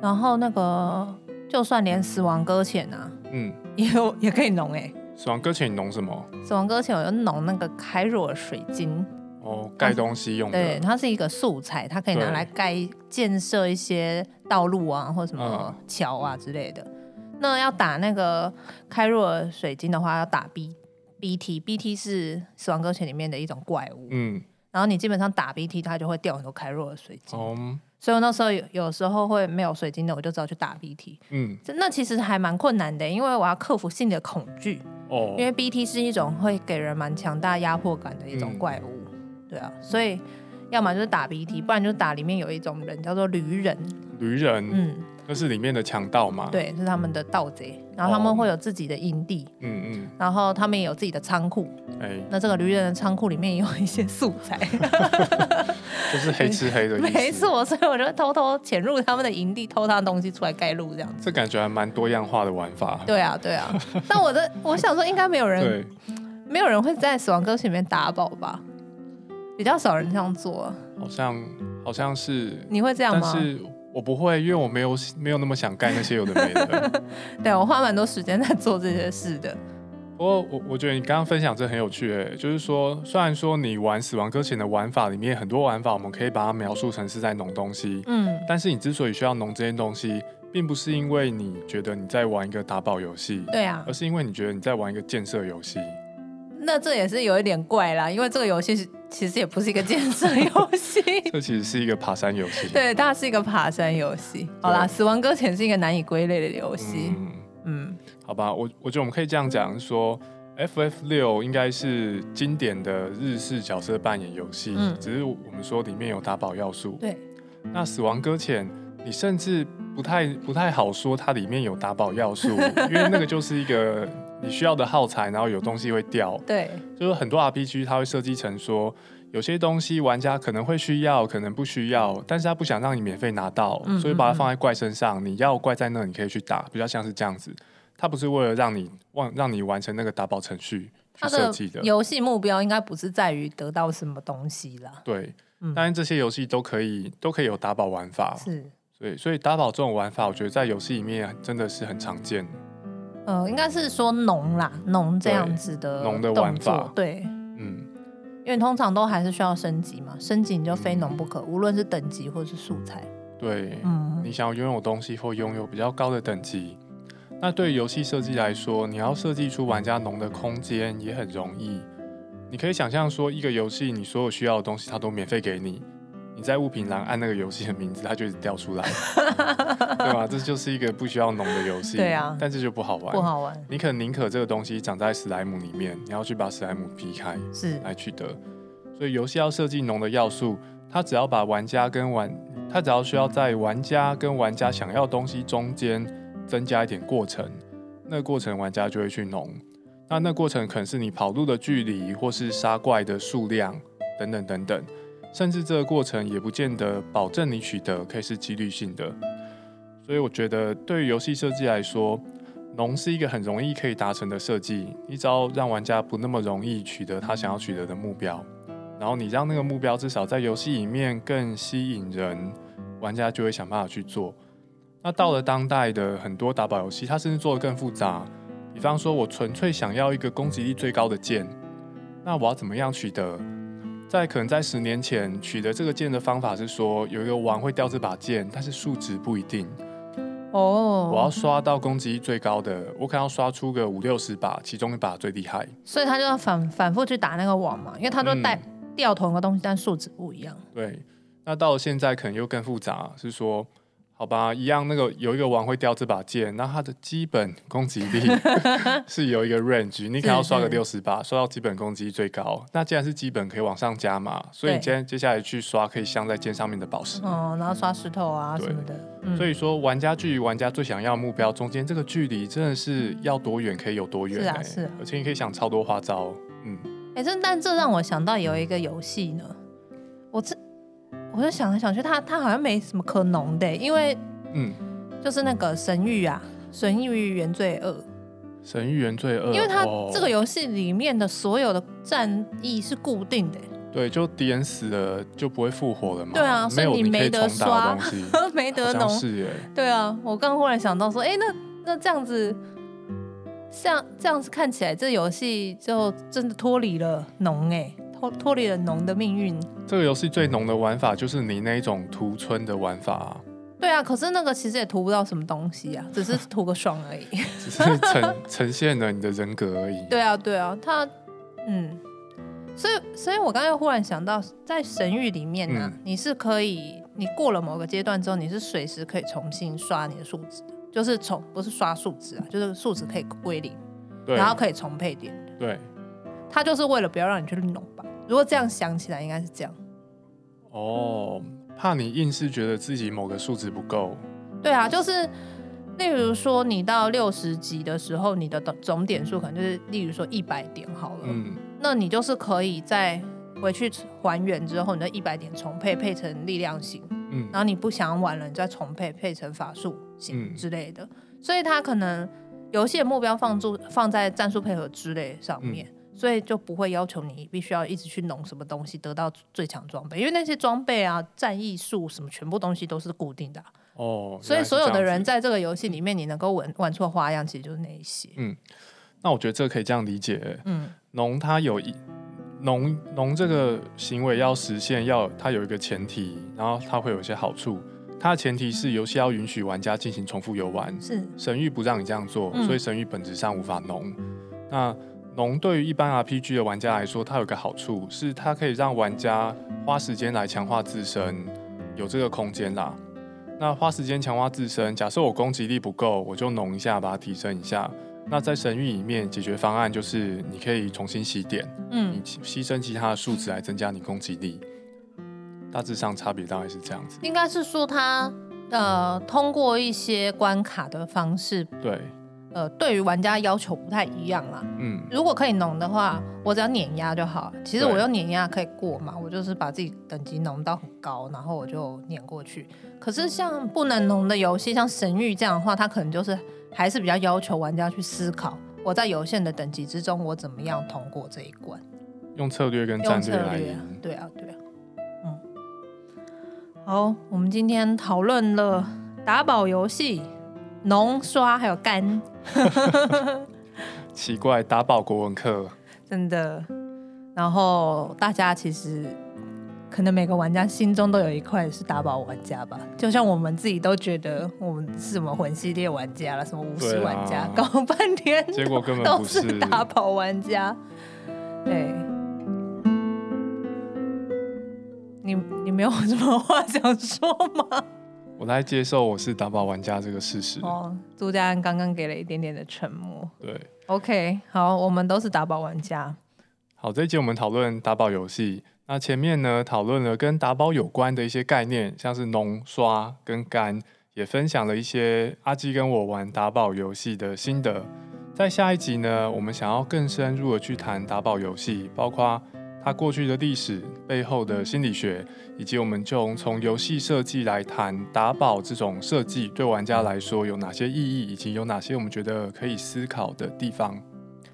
A: 然後那個就算連死亡擱淺啊，嗯，也有也可以農哎、欸。
B: 死亡擱淺你農什麼？
A: 死亡擱淺我要農那個開若水晶
B: 哦，蓋是東西用的。對，
A: 它是一個素材，它可以拿來蓋對建設一些道路啊，或什麼橋啊之類的。嗯、那要打那個開若水晶的話，要打 B B T B T 是死亡擱淺裡面的一種怪物，嗯，然後你基本上打 B T 它就會掉很多開若水晶，嗯所以我那時候有，有時候會沒有水晶的，我就只好去打 BT。嗯，那其實還蠻困難的，因為我要克服性的恐懼。哦、因為 BT 是一種會給人蠻強大壓迫感的一種怪物。嗯、對啊，所以要麼就是打 BT，不然就打裡面有一種人叫做驢人。
B: 驢人。嗯。那是裡面的強盜嗎？對，
A: 就是他們的盜賊。然後他們會有自己的營地，嗯、哦、
B: 嗯，
A: 嗯，然後他們也有自己的倉庫。哎、欸，那這個驢人的倉庫裡面也有一些素材，
B: *laughs* *laughs* 就是黑吃黑的意思。沒
A: 錯，所以我就會偷偷潛入他們的營地，偷他的東西出來蓋路，這
B: 樣子。這感覺還蠻多樣化的玩法。
A: 對啊，對啊。 *laughs* 但我的我想說，應該沒有人，對沒有人會在死亡擱淺裡面打寶吧？比較少人這樣做、啊。
B: 好像好像是。你會這樣嗎？我不會，因為我沒有沒有那麼想幹那些有的沒
A: 的。 *laughs* 對，我花蠻多時間在做這些事的。
B: 不過、嗯、我我覺得你剛剛分享這很有趣欸，就是說，雖然說你玩死亡擱淺的玩法裡面很多玩法，我們可以把它描述成是在農東西。嗯。但是你之所以需要農這些東西，並不是因為你覺得你在玩一個打寶遊戲。對啊。而是因為你覺得你在玩一個建設遊戲。
A: 那這也是有一點怪啦，因為這個遊戲其實也不是一個建設遊戲，
B: *laughs* 這其實是一個爬山遊戲。
A: 對，它是一個爬山遊戲。對好啦，《死亡擱淺》是一個難以歸類的遊戲。嗯，
B: 嗯好吧，我我覺得我們可以這樣講說，《FF 六》應該是經典的日式角色扮演遊戲，嗯、只是我們說裡面有打寶要素。對。那《死亡擱淺》，你甚至不太、不太好說它裡面有打寶要素， *laughs* 因為那個就是一個。你需要的耗材，然後有東西會掉。對，就是很多 RPG 它會設計成說，有些東西玩家可能會需要，可能不需要，但是他不想讓你免費拿到，嗯嗯嗯。所以把它放在怪身上。你要怪在那，你可以去打，比較像是這樣子。他不是為了讓你忘，讓你完成那個打寶程序去設計的。他的遊戲
A: 目標應該不是在於得到什麼東西啦。
B: 對，嗯、但是這些遊戲都可以，都可以有打寶玩法。是，對，所以打寶這種玩法，我覺得在遊戲裡面真的是很常見。
A: 呃、嗯，應該是說農啦，農這樣子
B: 的農的玩法。對，
A: 嗯，因為通常都還是需要升級嘛，升級你就非農不可，嗯、無論是等級或是素材，
B: 對，嗯，你想要擁有東西或擁有比較高的等級，那對於遊戲設計來說，你要設計出玩家農的空間也很容易，你可以想象說一個遊戲，你所有需要的東西它都免費給你。你在物品欄按那個遊戲的名字，它就一直掉出來、 *laughs* 嗯，對吧？這就是一個不需要農的遊戲， *laughs* 對啊，但這就不好玩，不好玩。你可能寧可這個東西長在史萊姆裡面，你要去把史萊姆劈開，是來取得。所以遊戲要設計農的要素，它只要把玩家跟玩，它只要需要在玩家跟玩家想要東西中間增加一點過程，那個、過程玩家就會去農。那那個、過程可能是你跑路的距離，或是殺怪的數量，等等等等。甚至這個過程也不見得保證你取得，可以是幾率性的。所以我覺得，對於遊戲設計來說，農是一個很容易可以達成的設計。你只要讓玩家不那麼容易取得他想要取得的目標，然後你讓那個目標至少在遊戲裡面更吸引人，玩家就會想辦法去做。那到了當代的很多打寶遊戲，它甚至做得更複雜。比方說，我純粹想要一個攻擊力最高的劍，那我要怎麼樣取得？在可能在十年前取得這個劍的方法是說，有一個王會掉這把劍，但是數值不一定。
A: 哦，oh, 我
B: 要刷到攻擊力最高的，我可能要刷出個五六十把，其中一把最厲害。
A: 所以他就要反反復去打那個王嘛，因為他就帶、嗯、掉同一個東西，但數值不一樣。
B: 對，那到了現在可能又更複雜，是說。好吧，一樣那個有一個王會掉這把劍，那它的基本攻擊力 *laughs* *laughs* 是有一個 range，你可能要刷個六十八，是是刷到基本攻擊力最高。那既然是基本可以往上加嘛，所以接對 接下來去刷可以鑲在劍上面的寶石，
A: 哦，然後刷石頭啊什麼的。嗯嗯、
B: 所以說玩家距玩家最想要目標中間這個距離真的是要多遠可以有多遠、欸啊，是、啊，而且你可以想超多花招，
A: 嗯。哎、欸，這但這讓我想到有一個遊戲呢，嗯、我這。我就想來想去，他他好像沒什麼可農的、欸，因為
B: 嗯，
A: 就是那個神諭啊，嗯、神諭原罪二，
B: 神諭原罪二，因為它這個遊
A: 戲裡面的所有的戰役是固定的、欸，
B: 對，就敵人死了就不會復活了嘛，對啊，所以你沒得刷，沒,沒得農，是欸、
A: 對啊，我剛忽然想到說，哎、欸，那那這樣子，像這樣子看起來，這遊戲就真的脫離了農哎、欸。脫離了農的命運。
B: 這個遊戲最農的玩法就是你那一種屠村的玩法啊。
A: 對啊，可是那個其實也屠不到什麼東西啊，只是屠個爽而已。
B: *laughs* 只是呈呈現了你的人格而已。
A: 對啊，對啊，他，嗯，所以，所以我剛剛又忽然想到，在神諭裡面呢、啊，嗯、你是可以，你過了某個階段之後，你是隨時可以重新刷你的數值就是重，不是刷數值啊，就是數值可以歸零，
B: 對然後可以
A: 重配點。
B: 對，
A: 他就是為了不要讓你去農吧。如果這樣想起來，應該是這樣。
B: 哦，嗯、怕你硬是覺得自己某個數值不夠。
A: 對啊，就是例如說，你到六十級的時候，你的總點數可能就是，嗯、例如說一百點好了。嗯。那你就是可以再回去還原之後，你的一百點重配，配成力量型。嗯。然後你不想玩了，你再重配，配成法術型之類的。嗯、所以他可能遊戲的目標放住，放在戰術配合之類上面。嗯所以就不會要求你必須要一直去農什麼東西得到最強裝備，因為那些裝備啊、戰役數什麼，全部東西都是固定的。
B: 哦，所以所有的人
A: 在這個遊戲裡面，你能夠玩玩出花樣，其實就是那一些。
B: 嗯，那我覺得這可以這樣理解。嗯，農它有一農農這個行為要實現，要它有一個前提，然後它會有一些好處。它的前提是遊戲要允許玩家進行重複遊玩。是神域不讓你這樣做，所以神域本質上無法農。嗯、那農對於一般 RPG 的玩家來說，它有個好處是，它可以讓玩家花時間來強化自身，有這個空間啦。那花時間強化自身，假設我攻擊力不夠，我就農一下把它提升一下。那在神諭裡面，解決方案就是你可以重新洗點，嗯，你犧牲其他的數值來增加你攻擊力。大致上差別大概是這樣子，
A: 應該是說它呃通過一些關卡的方式，對。呃，對於玩家要求不太一樣啦。
B: 嗯，如
A: 果可以農的話，我只要碾壓就好。其實我用碾壓可以過嘛，對我就是把自己等級農到很高，然後我就碾過去。可是像不能農的遊戲，像神諭這樣的話，他可能就是還是比較要求玩家去思考，我在有限的等級之中，我怎麼樣通過這一關？
B: 用策略跟戰略，來用策略、啊。
A: 對啊，對啊。嗯，好，我們今天討論了打寶遊戲、農刷還有幹。
B: *laughs* *laughs* 奇怪，打寶國文課，
A: 真的。然後大家其實可能每個玩家心中都有一塊是打寶玩家吧，就像我們自己都覺得我們是什麼魂系列玩家了，什麼巫師玩家，啊、搞半天
B: 結果根本是都是打
A: 寶玩家。對，你你沒有什麼話想說嗎？
B: 我來接受我是打寶玩家這個事實。哦，
A: 朱家安剛剛給了一點點的沉默。對，OK，好，我們都是打寶玩家。
B: 好，這一集我們討論打寶遊戲。那前面呢，討論了跟打寶有關的一些概念，像是農、刷、跟肝，也分享了一些阿基跟我玩打寶遊戲的心得。在下一集呢，我們想要更深入地去談打寶遊戲，包括。它過去的歷史背後的心理學，以及我們就從遊戲設計來談打寶這種設計對玩家來說有哪些意義，以及有哪些我們覺得可以思考的地方，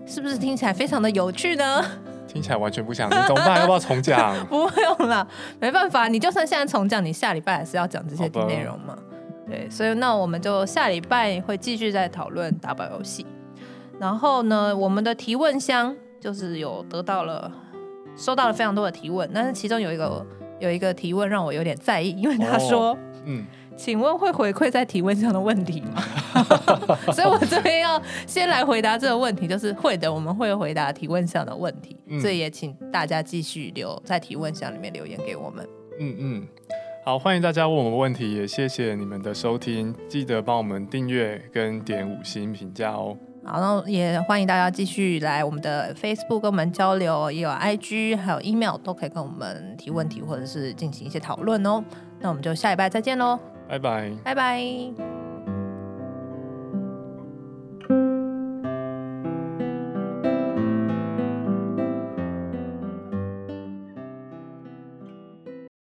A: 是不是聽起來非常的有趣呢？
B: 聽起來完全不像你怎麼辦？ *laughs* 要不要重講？
A: *laughs* 不用了，沒辦法，你就算現在重講，你下禮拜還是要講這些內容嘛。吧對，所以那我們就下禮拜會繼續再討論打寶遊戲。然後呢，我們的提問箱就是有得到了。收到了非常多的提問，但是其中有一個有一個提問讓我有點在意，因為他說：“
B: 哦、嗯，
A: 請問會回饋在提問上的問題
B: 嗎？” *laughs* 所以，我
A: 這邊要先來回答這個問題，就是會的，我們會回答提問上的問題。嗯、所以也請大家繼續留在提問箱裡面留言給我們。
B: 嗯嗯，好，歡迎大家問我們問題，也謝謝你們的收聽，記得幫我們訂閱跟點五星評價哦。
A: 好，那也歡迎大家繼續來我們的 Facebook 跟我們交流，也有 IG，還有 email 都可以跟我們提問題或者是進行一些討論哦。那我們就下禮拜再見嘍，
B: 拜拜，
A: 拜拜。